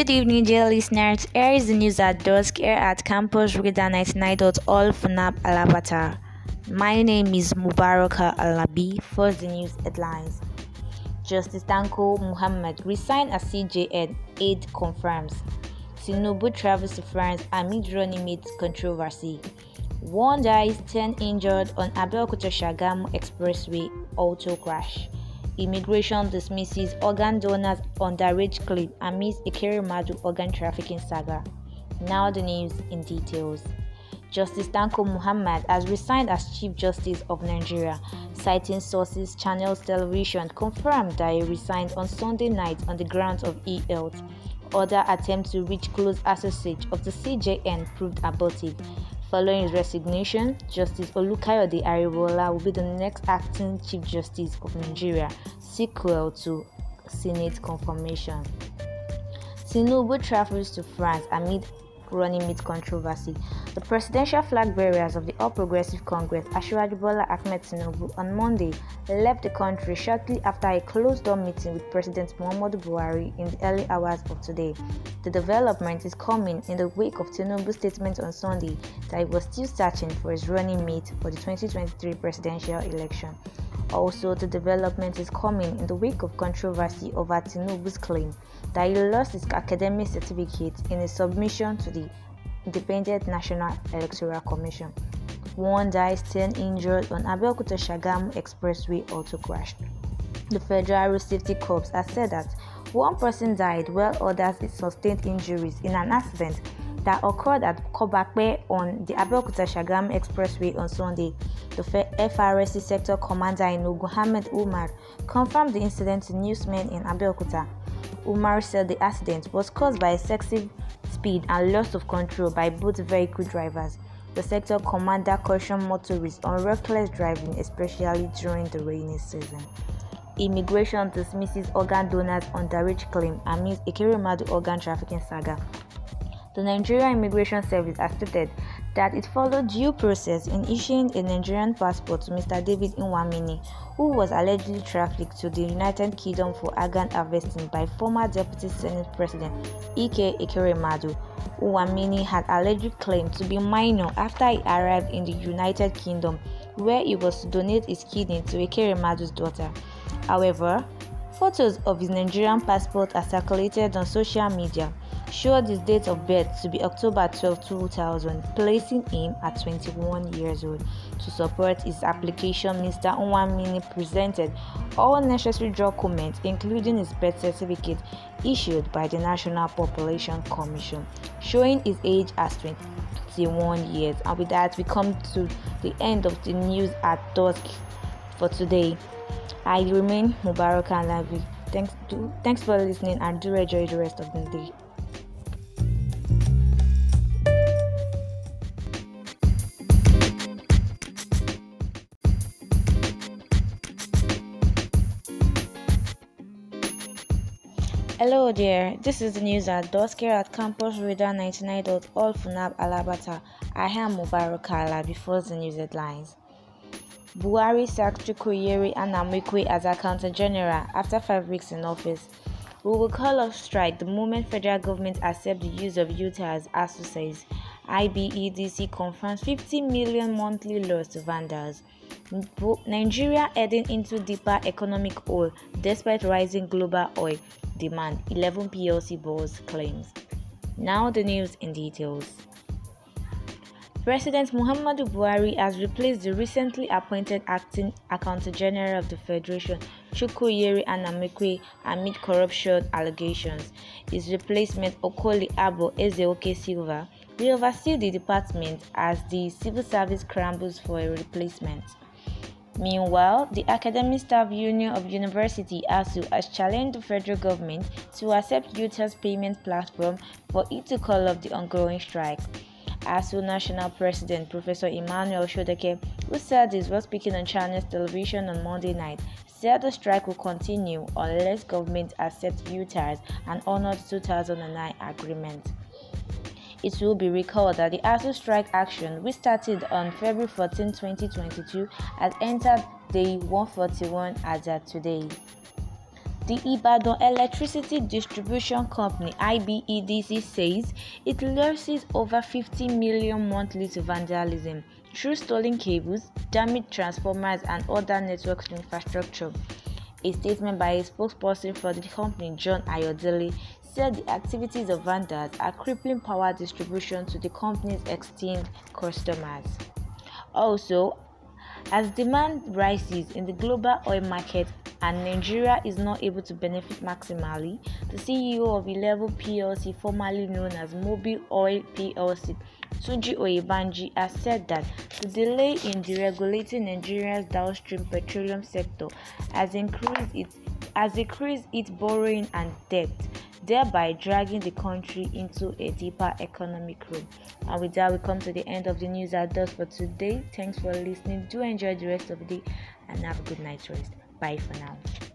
Good evening, dear listeners. Here is the news at dusk here at Campus Reader 99.all Funab Alabatar. My name is Mubaraka Alabi. for the news headlines. Justice Danko Muhammad resigned as CJN, aid confirms. Tinubu travels to France amid running mate controversy. One dies, 10 injured on Abeokuta Shagamu Expressway auto crash immigration dismisses organ donors underage claim amidst Ikerimadu organ trafficking saga. Now the news in details. Justice Danko Muhammad has resigned as Chief Justice of Nigeria, citing sources Channels Television confirmed that he resigned on Sunday night on the grounds of e-health. Other attempts to reach close associates of the CJN proved abortive. Following his resignation, Justice Olukayode Ariwola will be the next acting Chief Justice of Nigeria, sequel to Senate confirmation. Tinubu travels to France amid running mate controversy. The presidential flag bearers of the All Progressive Congress, Ashraf Bala Ahmed Tinubu, on Monday left the country shortly after a closed-door meeting with President Muhammadu Buhari in the early hours of today. The development is coming in the wake of Tinubu's statement on Sunday that he was still searching for his running mate for the 2023 presidential election. Also, the development is coming in the wake of controversy over Tinubu's claim that he lost his academic certificate in a submission to the Independent National Electoral Commission. One dies, 10 injured on Abeokuta Shagamu Expressway auto crash. The Federal Road Safety Corps has said that one person died while others sustained injuries in an accident that occurred at Kobakpe on the Abeokuta Shagam Expressway on Sunday. The FRSC sector commander in Ogun Umar confirmed the incident to newsmen in Abeokuta. Umar said the accident was caused by excessive speed and loss of control by both vehicle drivers. The sector commander cautioned motorists on reckless driving, especially during the rainy season. Immigration dismisses organ donors underage claim amidst Ikirimadu organ trafficking saga the Nigerian Immigration Service has stated that it followed due process in issuing a Nigerian passport to Mr. David Inwamini, who was allegedly trafficked to the United Kingdom for organ harvesting by former Deputy Senate President Ike Ekeremadu. Inwamini had allegedly claimed to be minor after he arrived in the United Kingdom, where he was to donate his kidney to Ekeremadu's daughter. However, Photos of his Nigerian passport are circulated on social media, showed his date of birth to be October 12, 2000, placing him at 21 years old. To support his application, Mr. Nwamini presented all necessary documents, including his birth certificate issued by the National Population Commission, showing his age as 21 years. And with that, we come to the end of the news at dusk for today. I remain Mubarak and Lavi. Thanks, thanks for listening and do enjoy the rest of the day. Hello there, this is the news at Dosker at Campus Radar 99.all Funab Alabata. I am Mubarak Alabi for the news headlines. Buhari sacked Chukwuyere and Amwikwe as Accountant General after five weeks in office. We will call off strike the moment federal government accepts the use of Utah as associates. IBEDC confirms 50 million monthly loss to vandals. Nigeria heading into deeper economic hole despite rising global oil demand, 11 PLC boards claims. Now the news in details. President Muhammadu Buhari has replaced the recently appointed acting Accountant General of the Federation, Chukwuyere Anamikwe, amid corruption allegations. His replacement, Okoli Abo Ezeoke Silva, will oversee the department as the civil service scrambles for a replacement. Meanwhile, the Academic Staff Union of University ASU has challenged the federal government to accept Utah's payment platform for it to call off the ongoing strike. ASU National President Professor Emmanuel Shodeke, who said this while speaking on Chinese television on Monday night, said the strike will continue unless government accepts UTARS and honors 2009 agreement. It will be recalled that the ASU strike action, which started on February 14, 2022, has entered day 141 as of today. The Ibadan Electricity Distribution Company IBEDC says it loses over 50 million monthly to vandalism through stolen cables, damaged transformers, and other network infrastructure. A statement by a spokesperson for the company, John Ayodele, said the activities of vandals are crippling power distribution to the company's extended customers. Also, as demand rises in the global oil market and Nigeria is not able to benefit maximally, the CEO of Eleven PLC, formerly known as Mobil Oil PLC, Suji Oyebanji, has said that the delay in deregulating Nigeria's downstream petroleum sector has increased its has increased its borrowing and debt, thereby dragging the country into a deeper economic ruin. And with that, we come to the end of the news at dusk for today. Thanks for listening. Do enjoy the rest of the day and have a good night's rest. Bye for now.